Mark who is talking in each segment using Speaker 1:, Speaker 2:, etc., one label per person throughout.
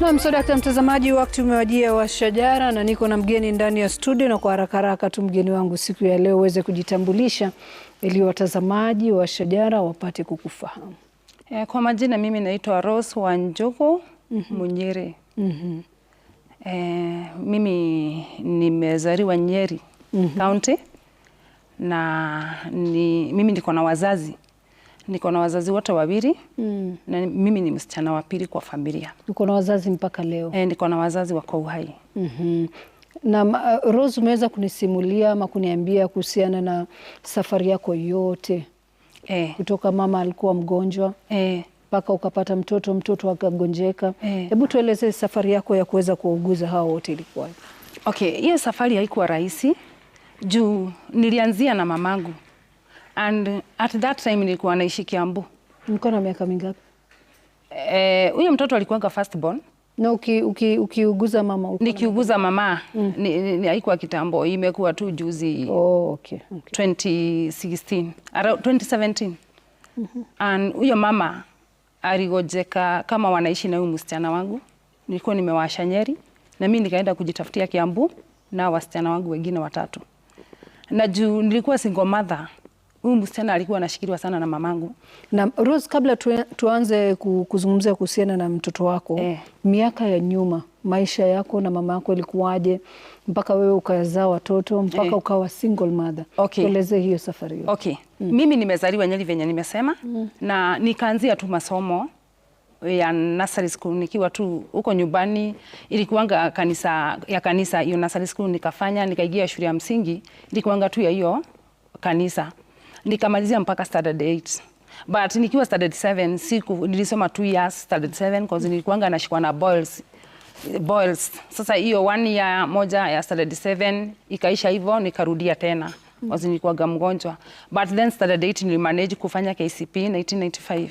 Speaker 1: Namsodakta mtazamaji, wakati umewajia wa Shajara na niko na mgeni ndani ya studio, na kwa haraka haraka tu mgeni wangu siku ya leo uweze kujitambulisha ili watazamaji wa Shajara wapate kukufahamu.
Speaker 2: Eh, kwa majina mimi naitwa Rose Wanjugu mm -hmm. Munyiri mm -hmm. Eh, mimi nimezaliwa Nyeri mm -hmm. County na ni, mimi niko na wazazi niko na wazazi wote wawili mm. na mimi ni msichana wa pili kwa familia.
Speaker 1: Niko na wazazi mpaka leo
Speaker 2: eh, niko na wazazi wako uhai mm -hmm.
Speaker 1: Na uh, Rose, umeweza kunisimulia ama kuniambia kuhusiana na safari yako yote eh, kutoka mama alikuwa mgonjwa eh, mpaka ukapata mtoto, mtoto akagonjeka. Eh. Hebu tueleze safari yako ya kuweza kuuguza hawa wote ilikuwa.
Speaker 2: Okay, hiyo safari haikuwa rahisi juu nilianzia na mamangu and at that time nilikuwa naishi Kiambu.
Speaker 1: Mlikuwa na miaka mingapi?
Speaker 2: Eh, huyo mtoto alikuwa first born
Speaker 1: na uki, uki, ukiuguza mama
Speaker 2: uko nikiuguza mama mm. ni, haikuwa kitambo, imekuwa tu juzi oh, okay, okay. 2016 around 2017 mm -hmm. and huyo mama aligojeka kama wanaishi na huyu msichana wangu. Nilikuwa nimewasha Nyeri na mimi nikaenda kujitafutia Kiambu na wasichana wangu wengine watatu. Na juu nilikuwa single mother, huyu msichana alikuwa anashikiliwa sana na mamangu.
Speaker 1: Na Rose, kabla tuanze kuzungumzia kuhusiana na mtoto wako eh, miaka ya nyuma maisha yako na mama yako ilikuwaje mpaka wewe ukazaa watoto mpaka e, ukawa single mother. Okay. Tueleze hiyo safari
Speaker 2: yote. Okay. Mm. Mimi nimezaliwa Nyeri venye nimesema mm, na nikaanzia tu masomo ya nursery school nikiwa tu huko nyumbani, ilikuanga kanisa ya kanisa hiyo nursery school nikafanya, nikaingia shule ya msingi ilikuwanga tu ya hiyo kanisa, nikamalizia mpaka standard 8 but nikiwa standard 7 siku nilisoma 2 years standard 7 cause nilikuwanga nashikwa na boils boils. Sasa hiyo one ya moja ya standard 7 ikaisha hivyo nikarudia tena wazi nilikuwaga mgonjwa but then standard 8 manage kufanya KCP 1995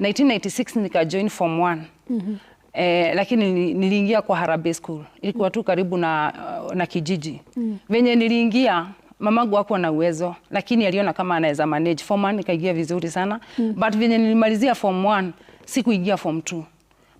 Speaker 2: 1996 nika join form 1 mm -hmm. Eh, lakini niliingia kwa Harambee School ilikuwa tu karibu na, uh, na kijiji mm. Venye niliingia mamangu hakuwa na uwezo, lakini aliona kama anaweza manage form 1 nikaingia vizuri sana mm. But venye nilimalizia form 1 sikuingia form 2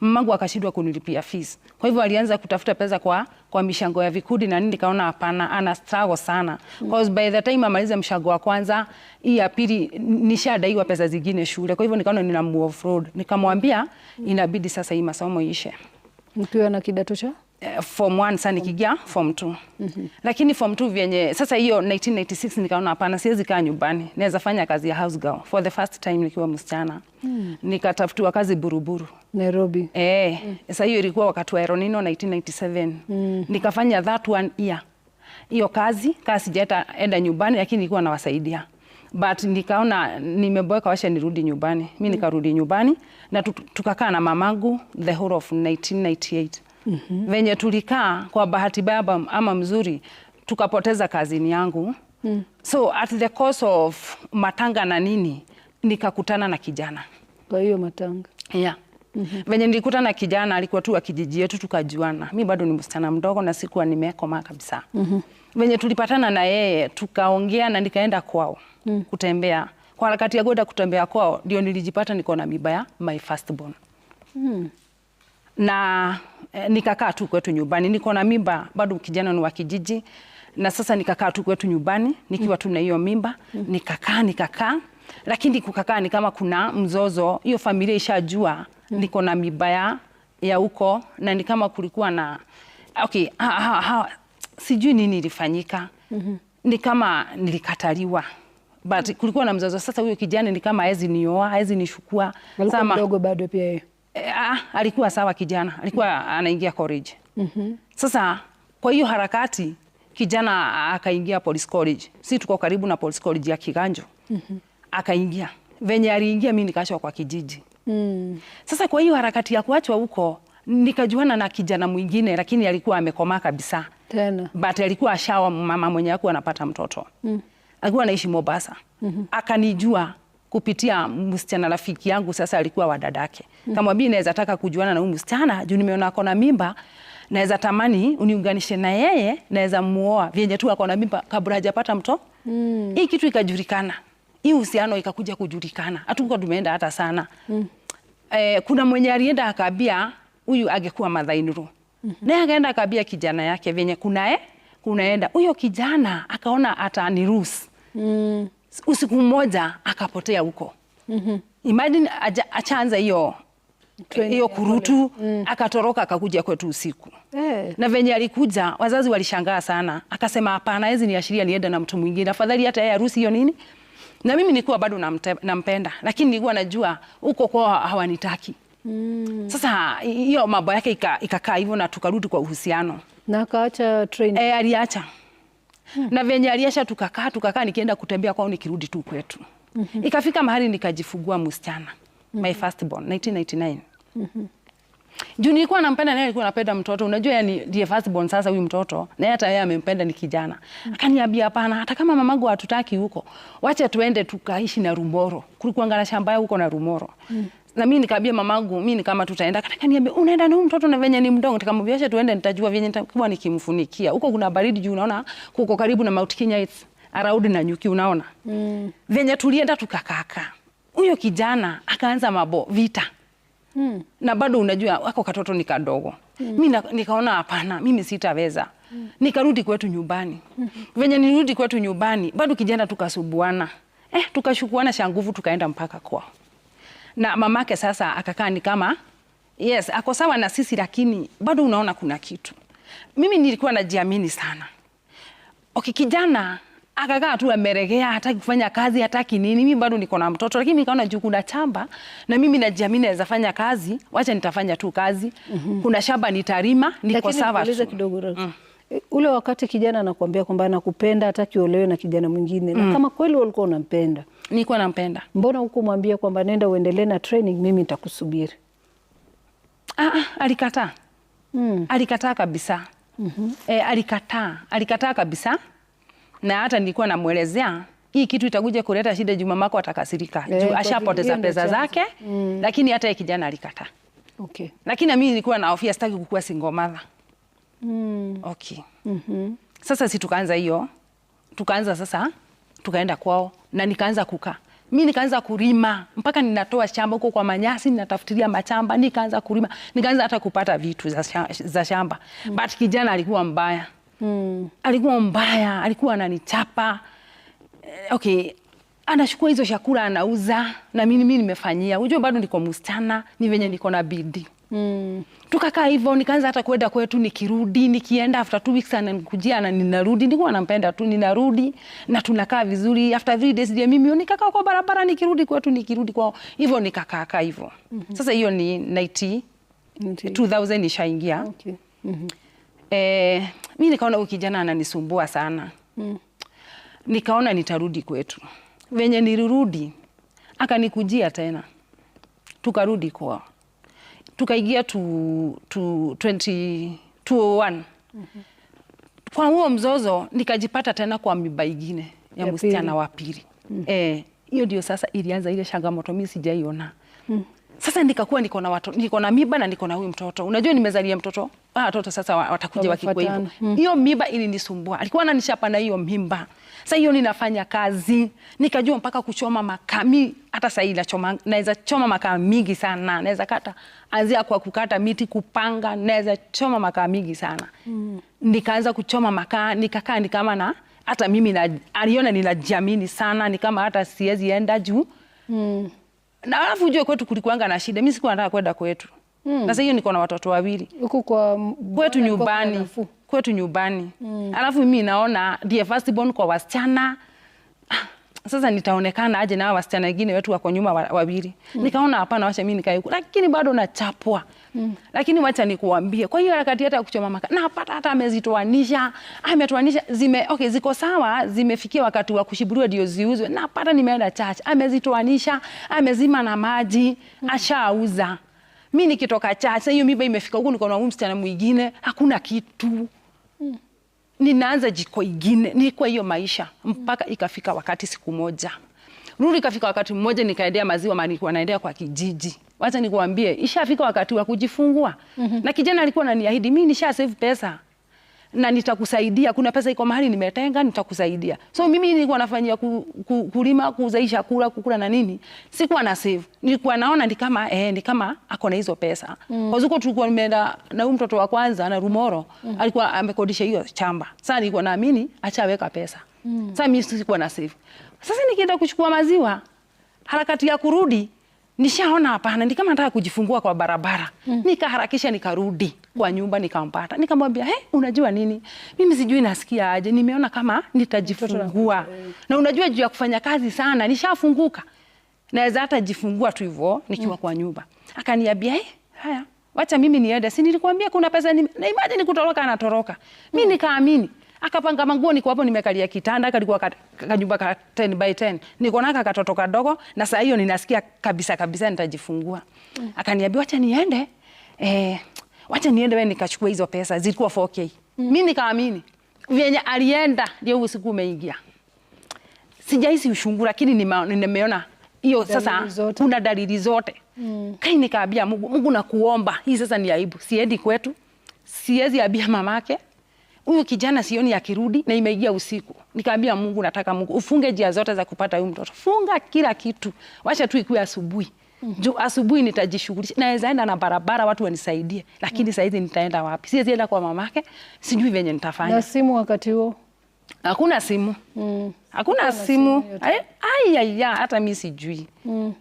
Speaker 2: mamangu akashindwa kunilipia fees. Kwa hivyo alianza kutafuta pesa kwa kwa mishango ya vikundi na nini, nikaona hapana, ana struggle sana. Cause by the time amaliza mshango wa kwanza, hii ya pili nishadaiwa pesa zingine shule. Kwa hivyo nikaona nina move Nikamwambia inabidi sasa hii masomo ishe.
Speaker 1: Mkiwa na kidato cha
Speaker 2: Eh, form 1 sasa nikigia form 2. Mm -hmm. Lakini form 2 vyenye sasa hiyo 1996 nikaona hapana siwezi kaa nyumbani. Naweza fanya kazi ya house girl for the first time nikiwa msichana. Mm. Nikatafutiwa kazi Buruburu. Nairobi. Eh, mm. Sasa hiyo ilikuwa wakati wa Eronino 1997. Mm. Nikafanya that one year. Hiyo kazi, kazi sijaenda enda nyumbani lakini nilikuwa nawasaidia. But nikaona nimeboeka, washa nirudi nyumbani. Mimi nikarudi nyumbani na tukakaa na mamangu the whole of 1998. -hmm. venye tulikaa kwa bahati baba ama mzuri tukapoteza kazini yangu mm. so at the course of matanga na nini nikakutana na kijana
Speaker 1: kwa hiyo matanga
Speaker 2: yeah. Mm -hmm. Venye nilikuta na kijana alikuwa tu wa kijiji yetu tukajuana. Mi bado ni msichana mdogo na sikuwa nimekomaa kabisa. Mm -hmm. Venye tulipatana na yeye tukaongea na nikaenda kwao mm. kutembea. Kwa harakati ya kwenda kutembea kwao ndio nilijipata niko na mibaya my born. Mm na eh, nikakaa tu kwetu nyumbani. Niko na mimba bado, kijana ni wa kijiji, na sasa nikakaa tu kwetu nyumbani nikiwa tu na hiyo mimba, nikakaa nikakaa, lakini kukakaa ni kama kuna mzozo. Hiyo familia ishajua niko na mimba ya ya huko, na ni kama kulikuwa na okay, ha, ha, ha, sijui nini ilifanyika, ni kama nilikataliwa but kulikuwa na mzozo. Sasa huyo kijana ni kama hawezi nioa, hawezi nishukua,
Speaker 1: mdogo bado pia yeye
Speaker 2: Eh, ah, alikuwa sawa kijana, alikuwa anaingia college. Mm -hmm. Sasa kwa hiyo harakati kijana akaingia Police College. Si tuko karibu na Police College ya Kiganjo. Mm -hmm. Akaingia. Venye aliingia mimi nikashwa kwa kijiji. Mm. Sasa kwa hiyo harakati ya kuachwa huko nikajuana na kijana mwingine lakini alikuwa amekomaa kabisa. Tena. But alikuwa ashawa mama mwenye alikuwa anapata mtoto. Mm. Alikuwa anaishi Mombasa. Mm -hmm. Akanijua kupitia msichana rafiki yangu, sasa alikuwa wa dadake. Kama mimi naweza taka kujuana na huyu msichana juu nimeona ako na mimba, naweza tamani uniunganishe na yeye, naweza muoa vyenye tu ako na mimba kabla hajapata mtoto. Mm. Hii kitu ikajulikana, hii uhusiano ikakuja kujulikana, hatukuwa tumeenda hata sana. Mm. Eh, kuna mwenye alienda akaambia huyu angekuwa madhainuru. Mm -hmm. Naye akaenda akaambia kijana yake venye kunae kunaenda huyo kijana akaona ataniruhusu. Mm usiku mmoja akapotea huko mm -hmm. Imagine achaanza hiyo hiyo kurutu mm. Akatoroka akakuja kwetu usiku eh. Na venye alikuja wazazi walishangaa sana, akasema hapana, hizi ni ashiria, nienda na mtu mwingine afadhali, hata yeye harusi hiyo nini. Na mimi nilikuwa bado nampenda, na lakini nilikuwa najua huko kwao hawanitaki mm. Sasa hiyo mambo yake ikakaa ika hivyo, na tukarudi kwa uhusiano
Speaker 1: na akaacha training
Speaker 2: eh, aliacha hmm. na venye aliesha, tukakaa tukakaa, nikienda kutembea kwao, nikirudi tu kwetu mm -hmm. ikafika mahali nikajifugua msichana mm -hmm. my first born 1999 mm -hmm. Juu nilikuwa nampenda naye alikuwa anapenda mtoto. Unajua yani ndiye first born sasa huyu mtoto. Na hata yeye amempenda ni kijana. -hmm. Akaniambia hapana, hata kama mamangu hatutaki huko. Wacha tuende tukaishi na Rumoro. Kulikuwa ngana shamba huko na Rumoro. Mm na mimi nikaambia mamangu, mimi ni kama tutaenda, akaniambia unaenda na huyu mtoto na venye ni mdogo, nikamwambia tuende, nitajua venye nitakuwa nikimfunikia. Huko kuna baridi juu, unaona kuko karibu na Mount Kenya it's around na nyuki, unaona mm. venye tulienda tukakaka, huyo kijana akaanza mabo vita mm. na bado unajua wako katoto ni kadogo mm. mimi nikaona hapana, mimi sitaweza mm. nikarudi kwetu nyumbani mm. -hmm. venye nirudi kwetu nyumbani, bado kijana tukasubuana, eh, tukashukuana shanguvu, tukaenda mpaka kwao na mamake sasa akakaa ni kama yes, ako sawa na sisi, lakini bado unaona kuna kitu. Mimi nilikuwa najiamini sana. Okay, kijana akakaa tu ameregea, hataki kufanya kazi, hataki nini. Mimi bado niko na mtoto, lakini nikaona juu kuna chamba na mimi najiamini naweza fanya kazi, wacha nitafanya tu kazi. mm -hmm. Kuna shamba nitarima, niko sawa
Speaker 1: kidogo mm. Ule wakati kijana anakuambia kwamba anakupenda, hataki uolewe na kijana mwingine mm. na kama kweli walikuwa unampenda mm
Speaker 2: nilikuwa nampenda.
Speaker 1: Mbona hukumwambia kwamba nenda uendelee na training, mimi nitakusubiri?
Speaker 2: Ah, ah alikataa. Mm. Alikataa kabisa. Mm -hmm. E, alikataa, alikataa kabisa, na hata nilikuwa namwelezea hii kitu itakuja kuleta shida, juu mamako atakasirika eh, juu ashapoteza pesa zake. Mm. Lakini hata kijana alikataa. Okay. Lakini mimi nilikuwa na sitaki kukua single mother. Mm. Okay. Mm -hmm. Sasa si tukaanza hiyo, tukaanza sasa, tukaenda kwao na nikaanza kukaa mi nikaanza kurima mpaka ninatoa shamba huko kwa manyasi, ninatafutilia machamba, nikaanza kurima, nikaanza hata kupata vitu za shamba mm. But kijana alikuwa mbaya mm. Alikuwa mbaya, alikuwa ananichapa. Eh, okay, anachukua hizo chakula anauza, na mimi mimi nimefanyia, unajua bado niko msichana, ni venye niko na bidii Mm. Tukakaa hivyo nikaanza hata kwenda kwetu, nikirudi nikienda after two weeks anakujia na ninarudi, nilikuwa nampenda tu, ninarudi na tunakaa vizuri. After three days, ndio mimi nikakaa kwa barabara nikirudi kwetu, nikirudi kwao, hivyo nikakaa kaa hivyo. mm -hmm. Sasa hiyo ni 90 2000 ishaingia. Okay. mm -hmm. Eh, mimi nikaona huyu kijana ananisumbua sana. mm. Nikaona nitarudi kwetu venye nilirudi akanikujia tena, tukarudi kwao, tukaingia tu, tu 2001 mm -hmm. Kwa huo mzozo nikajipata tena kwa miba ingine ya, msichana wa pili mm -hmm. Eh, hiyo ndio sasa ilianza ile changamoto mimi sijaiona mm -hmm. Sasa nikakuwa niko na watu niko na miba na niko na huyu mtoto, unajua nimezalia mtoto ah, watoto sasa watakuja wakikwa hivyo. Hmm. Hiyo mm. miba ilinisumbua, alikuwa ananishapa hiyo mimba. Sasa hiyo ninafanya kazi, nikajua mpaka kuchoma makaa. Mimi hata sasa ile choma, naweza choma makaa mingi sana, naweza kata anzia kwa kukata miti, kupanga, naweza choma makaa mingi sana mm. Nikaanza kuchoma makaa, nikakaa ni kama na hata mimi na, aliona ninajiamini sana, ni kama hata siwezi enda juu mm. na alafu ujue kwetu kulikuanga na shida, mimi sikuwa nataka kwenda kwetu Mm. Na sasa hiyo niko na watoto wawili. Huko kwa kwetu nyumbani. Kwetu nyumbani. Mm. Alafu mimi naona the first born kwa wasichana. Ah, sasa nitaonekana aje na wasichana wengine wetu wako nyuma wawili. Mm. Nikaona hapana, wacha mimi nikae huko. Lakini bado nachapwa. Mm. Lakini wacha nikuambie. Kwa hiyo harakati hata kuchoma maka. Na hapata hata amezitoanisha. Ametoanisha zime okay, ziko sawa, zimefikia wakati wa kushiburiwa ndio ziuzwe. Na hapata nimeenda church. Amezitoanisha, amezima na maji, mm. ashauza mi nikitoka church hiyo mimba imefika huko, nikaona msichana mwingine, hakuna kitu mm. Ninaanza jiko ingine, nilikuwa hiyo maisha mpaka ikafika wakati siku moja Ruri kafika wakati mmoja nikaendea maziwa maana nilikuwa naendea kwa kijiji. Wacha nikuambie, ishafika wakati wa kujifungua. Mm -hmm. Na kijana alikuwa ananiahidi mimi nisha save pesa na nitakusaidia. Kuna pesa iko mahali nimetenga, nitakusaidia. So mimi nilikuwa nafanyia ku, ku, kulima, kuzalisha kula, kukula na nini, sikuwa na save. Nilikuwa naona ni kama eh, ni kama ako na hizo pesa mm. Kwa zuko tulikuwa nimeenda na huyu mtoto wa kwanza na Rumoro mm. alikuwa amekodisha hiyo chamba. Sasa nilikuwa naamini acha weka pesa mm. Sasa mimi sikuwa na save. Sasa nikienda kuchukua maziwa, harakati ya kurudi nishaona hapana, ni kama nataka kujifungua kwa barabara mm. Nikaharakisha nikarudi kwa nyumba, nikampata nikamwambia, he, eh, unajua nini, mimi sijui nasikia aje, nimeona kama nitajifungua na unajua, juu ya kufanya kazi sana nishafunguka, naweza hata jifungua tu hivyo nikiwa mm. kwa nyumba. Akaniambia, he, eh, haya, wacha mimi niende, si nilikwambia kuna pesa ni... na imagine kutoroka, anatoroka mm. mi hmm. nikaamini akapanga manguo, niko hapo nimekalia kitanda, kalikuwa kanyumba ka 10 by 10, niko naka katoto kadogo, na saa hiyo ninasikia kabisa kabisa nitajifungua. mm. Akaniambia acha niende eh, wacha niende wewe, nikachukua hizo pesa, zilikuwa 4k. mm. Mimi nikaamini vyenye alienda, ndio usiku umeingia. sijaisi ushungu, lakini nimeona hiyo sasa zote. Kuna dalili zote mm. Kai nikaambia Mungu, Mungu nakuomba, hii sasa ni aibu, siendi kwetu, siwezi abia mamake huyu kijana sioni akirudi, na imeingia usiku. Nikaambia Mungu, nataka Mungu ufunge njia zote za kupata huyu mtoto, funga kila kitu, wacha tu ikuwe asubuhi. Mm -hmm. Juu asubuhi nitajishughulisha, naweza enda na barabara watu wanisaidie, lakini mm -hmm. Saizi nitaenda wapi? Siwezi enda kwa mamake, sijui venye nitafanya.
Speaker 1: Na simu wakati huo
Speaker 2: hakuna simu mm. hakuna Kana simu, simu ayaya, hata mi sijui mm.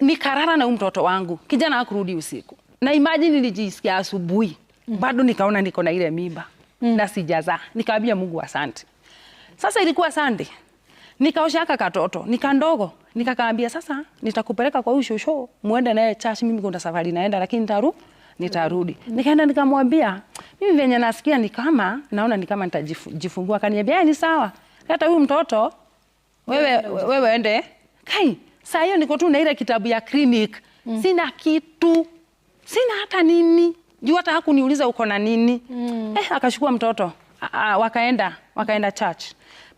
Speaker 2: Nikarara na mtoto wangu, kijana akurudi usiku, na imagine nilijisikia asubuhi mm. Bado nikaona niko na ile mimba mm mm. na sijazaa. Nikaambia Mungu asante. Sasa ilikuwa Sunday. Nikaosha aka katoto, nikandogo, nikakaambia sasa nitakupeleka kwa huyu shosho, muende naye church, mimi kuna safari naenda lakini nitaru nitarudi. Mm. Nikaenda nikamwambia, mimi venye nasikia ni kama naona ni kama nitajifungua. Akaniambia ni yaani sawa. Hata huyu mtoto wewe wewe ende. Kai, saa hiyo niko tu na ile kitabu ya clinic. Mm. Sina kitu. Sina hata nini juu hata hakuniuliza uko na nini mm. Eh, akachukua mtoto A, a, wakaenda wakaenda church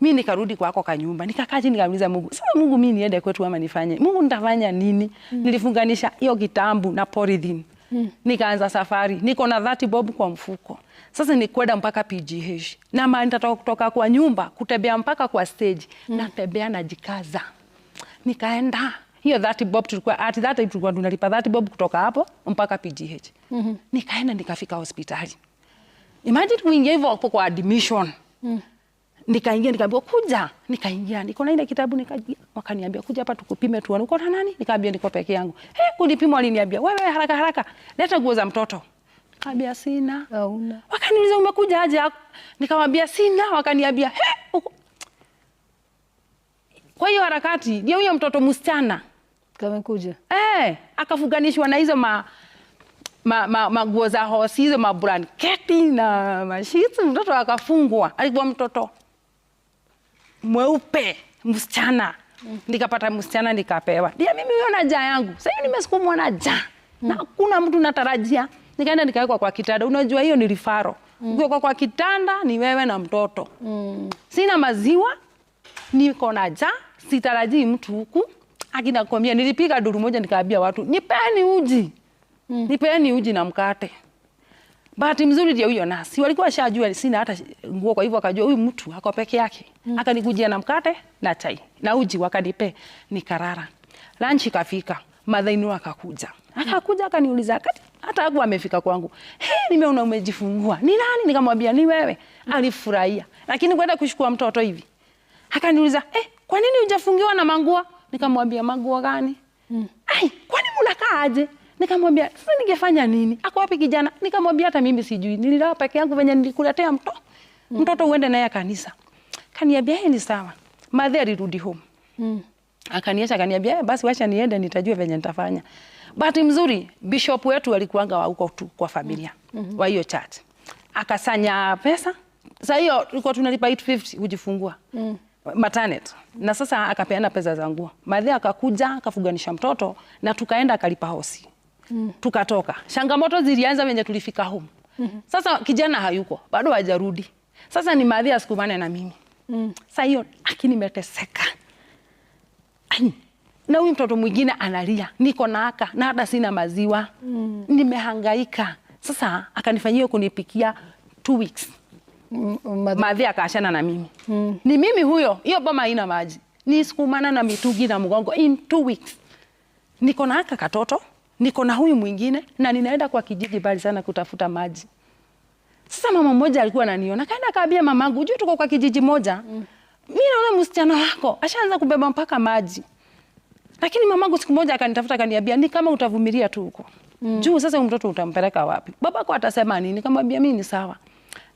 Speaker 2: mi nikarudi kwako kwa nyumba nikakaji nikauliza Mungu sasa, Mungu mi niende kwetu ama nifanye Mungu nitafanya nini? mm. Nilifunganisha hiyo kitambu na poridhin mm. Nikaanza safari, niko na dhati bob kwa mfuko. Sasa nikwenda mpaka PGH na mali nitatoka kutoka kwa nyumba kutembea mpaka kwa stage mm. natembea najikaza, nikaenda hiyo 30 bob tulikuwa at that tulikuwa tunalipa 30 bob kutoka hapo mpaka PGH. Mm -hmm. Nikaenda nikafika hospitali. Imagine kuingia hivyo hapo kwa admission. Mm. Nikaingia nikaambiwa kuja, nikaingia niko na ile kitabu nikajia, wakaniambia kuja hapa tukupime tuone uko na nani? Nikaambia niko peke yangu. Eh, kunipima waliniambia wewe haraka haraka leta nguo za mtoto. Nikamwambia sina. Hauna. Wakaniuliza umekuja aje hapo? Nikamwambia sina, wakaniambia he. Eh, kwa hiyo harakati ndio huyo mtoto msichana kamekuja eh, akafunganishwa na hizo ma maguo ma, za hosi hizo mablanketi na mashiti, mtoto akafungwa. Alikuwa mtoto mweupe msichana, nikapata msichana nikapewa. Ndio mimi huyo na yangu sasa, nimesukumwa na na hakuna mtu natarajia, nikaenda nikawekwa kwa kitanda. Unajua hiyo ni rifaro mm. Kwa, kwa kitanda ni wewe na mtoto mm. Sina maziwa, niko na sitarajii mtu huku akinakwambia nilipiga duru moja nikaambia watu nipeni uji mm. nipeni uji na mkate. Bahati mzuri ndio huyo nasi walikuwa shajua sina hata nguo, kwa hivyo akajua huyu mtu ako peke yake mm. akanikujia na mkate na chai na uji wakanipe, nikarara. Lunch ikafika, madhainu akakuja akakuja akaniuliza kati hata hapo amefika kwangu, he, nimeona umejifungua, ni nani? Nikamwambia ni wewe. mm. Alifurahia, lakini kwenda kushukua mtoto hivi akaniuliza eh, kwa nini hujafungiwa na mangua? Nikamwambia maguo gani? Mm. Ai, kwani mnakaaje? Nikamwambia sasa ningefanya nini? Ako wapi kijana? Nikamwambia hata mimi sijui. Nililala peke yangu venye nilikuletea mto. Mm. Mtoto uende naye kanisa. Kaniambia yeye ni sawa. Madhe alirudi home. Mm. Akaniacha akaniambia basi wacha niende nitajua venye nitafanya. Bahati mzuri bishop wetu alikuanga huko tu kwa familia mm -hmm. wa hiyo church. Akasanya pesa. Sasa hiyo tulikuwa tunalipa 850 kujifungua. Mm maternity na sasa akapeana pesa za nguo. Madhe akakuja akafuganisha mtoto na tukaenda akalipa hosi. Mm. Tukatoka. Changamoto zilianza venye tulifika home. Mm -hmm. Sasa kijana hayuko, bado hajarudi. Sasa ni madhe asikumane na mimi. Mm. Sasa hiyo akini nimeteseka. Na huyu mtoto mwingine analia, niko na aka na hata sina maziwa. Mm. Nimehangaika. Sasa akanifanyia kunipikia two weeks madhi akaachana na mimi mm. Ni mimi huyo, hiyo boma haina maji, nisukumana na mitugi na mgongo. In two weeks niko na haka katoto, niko na huyu mwingine, na ninaenda kwa kijiji bali sana kutafuta maji. Sasa mama mmoja alikuwa ananiona, kaenda kaambia mamangu, juu tuko kwa kijiji moja mm. Mimi naona msichana wako ashaanza kubeba mpaka maji, lakini mamangu siku moja akanitafuta akaniambia, ni kama utavumilia tu huko mm. Juu sasa mtoto utampeleka wapi? Babako atasema nini? Nikamwambia mimi ni sawa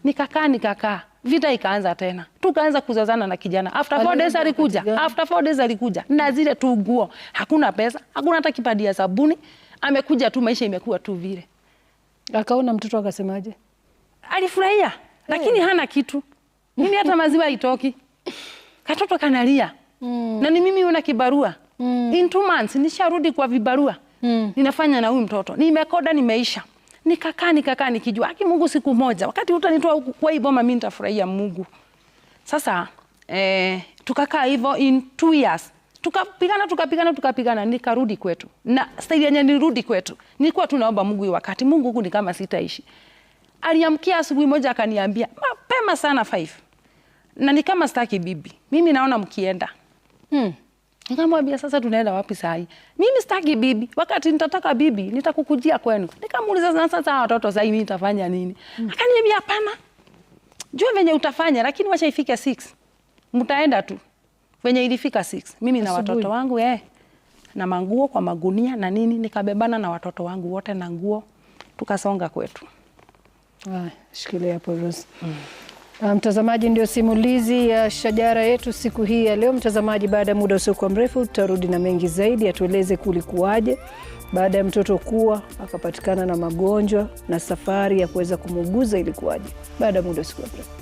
Speaker 2: Nikakaa nikakaa, vita ikaanza tena, tukaanza kuzazana na kijana. After four days alikuja, after four days alikuja na zile tu nguo, hakuna pesa, hakuna hata kipadi ya sabuni. Amekuja tu, maisha imekuwa tu vile.
Speaker 1: Akaona mtoto akasemaje?
Speaker 2: Alifurahia hey, lakini eh. hana kitu mimi, hata maziwa haitoki, katoto kanalia mm. na ni mimi una kibarua mm. in two months nisharudi kwa vibarua mm. ninafanya na huyu mtoto, nimekoda, nimeisha Nikakaa nikakaa nikijua aki Mungu, siku moja wakati utanitoa kwa hii boma, mimi nitafurahia Mungu. Sasa eh, tukakaa hivyo in two years tukapigana tukapigana tukapigana, nikarudi kwetu, na staili yenye nirudi kwetu nilikuwa tunaomba Mungu hii wakati Mungu, huku ni kama sitaishi. Aliamkia asubuhi moja akaniambia mapema sana five, na ni kama staki bibi, mimi naona mkienda hmm. Nikamwambia sasa tunaenda wapi saa hii? Mimi sitaki bibi. Wakati nitataka bibi, nitakukujia kwenu. Nikamuuliza sasa watoto saa hii mimi nitafanya nini? Mm. Akaniambia hapana. Jua venye utafanya lakini wacha ifike 6. Mtaenda tu. Venye ilifika 6. Mimi na watoto wangu eh na manguo kwa magunia na nini nikabebana na watoto wangu wote na nguo tukasonga kwetu. Ah,
Speaker 1: shikilia hapo Rose. Mm. Ah, mtazamaji, ndio simulizi ya shajara yetu siku hii ya leo. Mtazamaji, baada ya muda usiokuwa mrefu tutarudi na mengi zaidi, atueleze kulikuwaje baada ya mtoto kuwa akapatikana na magonjwa na safari ya kuweza kumuuguza ilikuwaje. Baada ya muda usiokuwa mrefu.